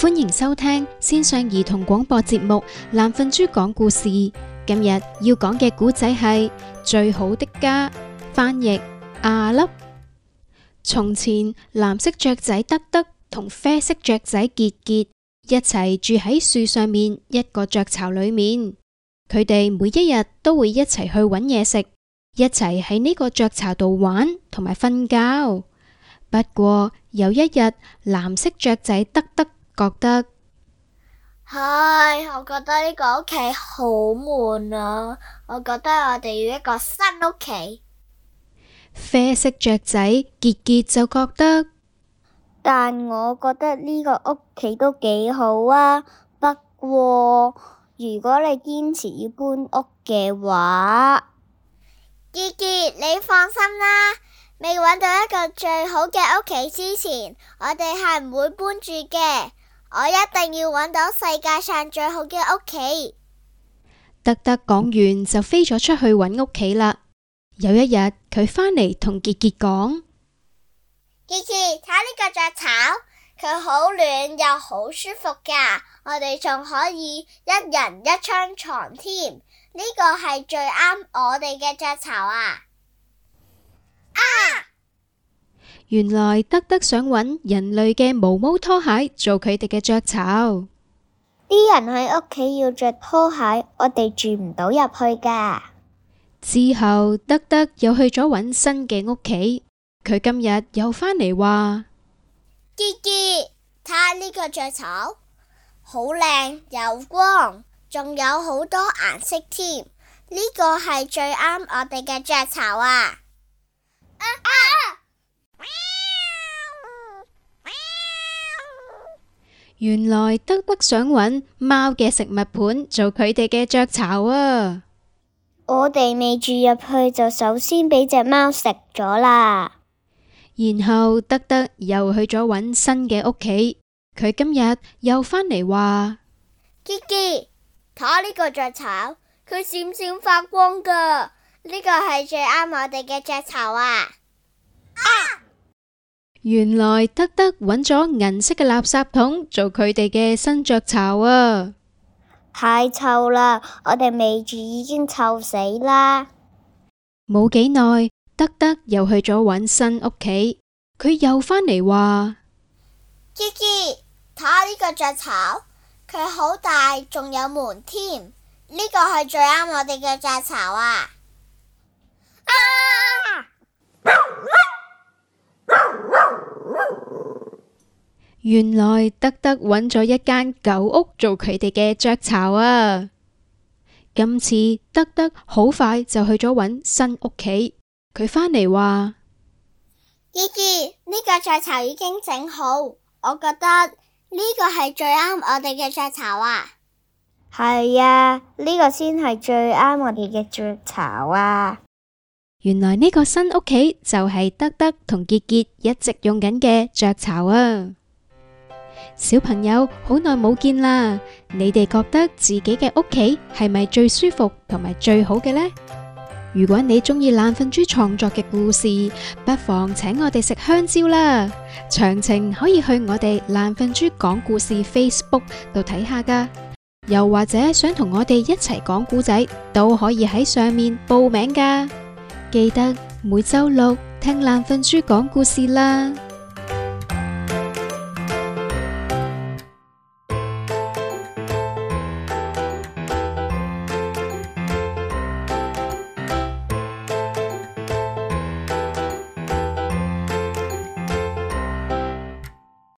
歡迎收聽線上兒童廣播節目《懶瞓豬講故事》。今日要講嘅古仔係最好的家。翻譯阿粒。從前藍色雀仔德德同啡色雀仔傑傑一齊住喺樹上面一個雀巢裏面，佢哋每一日都會一齊去搵嘢食，一齊喺呢個雀巢度玩同埋瞓覺。不過有一日，藍色雀仔德德，覺得，唉、哎，我覺得呢個屋企好悶啊！我覺得我哋要一個新屋企。啡色雀仔杰杰就覺得，但我覺得呢個屋企都幾好啊。不過如果你堅持要搬屋嘅話，杰杰，你放心啦，未揾到一個最好嘅屋企之前，我哋係唔會搬住嘅。我一定要揾到世界上最好嘅屋企。德德講完就飛咗出去揾屋企啦。有一日佢返嚟同傑傑講：「傑傑，睇呢個雀巢，佢好暖又好舒服㗎，我哋仲可以一人一張床添。呢個係最啱我哋嘅雀巢啊！啊！原來德德想揾人類嘅毛毛拖鞋做佢哋嘅雀巢。啲人喺屋企要着拖鞋，我哋住唔到入去噶。之後德德又去咗揾新嘅屋企。佢今日又返嚟話：「傑傑，睇下呢個雀巢，好靚有光，仲有好多顏色添。呢個係最啱我哋嘅雀巢啊！啊啊原來德德想揾貓嘅食物盤做佢哋嘅雀巢啊！我哋未住入去就首先俾隻貓食咗啦。然後德德又去咗揾新嘅屋企。佢今日又返嚟話：杰杰睇下呢個雀巢，佢閃閃發光噶，呢個係最啱我哋嘅雀巢啊！啊原來德德揾咗銀色嘅垃圾桶做佢哋嘅新雀巢啊！太臭啦，我哋未住已經臭死啦！冇幾耐，德德又去咗揾新屋企，佢又返嚟話：傑傑，睇下呢個雀巢，佢好大，仲有門添，呢個係最啱我哋嘅雀巢啊！啊原來德德揾咗一間舊屋做佢哋嘅雀巢啊。今次德德好快就去咗揾新屋企。佢返嚟話：杰杰，呢個雀巢已經整好，我覺得呢個係最啱我哋嘅雀巢啊。係啊，呢個先係最啱我哋嘅雀巢啊。原來呢個新屋企就係德德同杰杰一直用緊嘅雀巢啊。小朋友好耐冇見啦，你哋覺得自己嘅屋企係咪最舒服同埋最好嘅呢？如果你中意爛瞓豬創作嘅故事，不妨請我哋食香蕉啦。詳情可以去我哋爛瞓豬講故事 Facebook 度睇下㗎，又或者想同我哋一齊講故仔，都可以喺上面報名㗎。記得每周六聽爛瞓豬講故事啦。